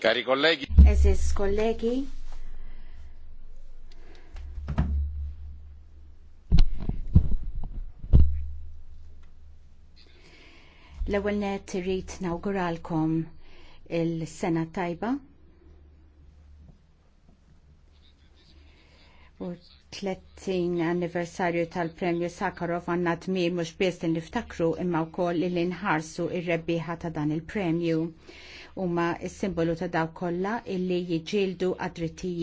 Cari colleghi. colleghi. L-ewwel net irid nawguralkom il-sena tajba. U 30 anniversarju tal-Premju Sakharov għanna dmir mhux biss niftakru imma wkoll li nħarsu ir-rebbieħa ta' dan il-premju huma s-simbolu ta' daw kollha illi jiġġieldu għad-drittijiet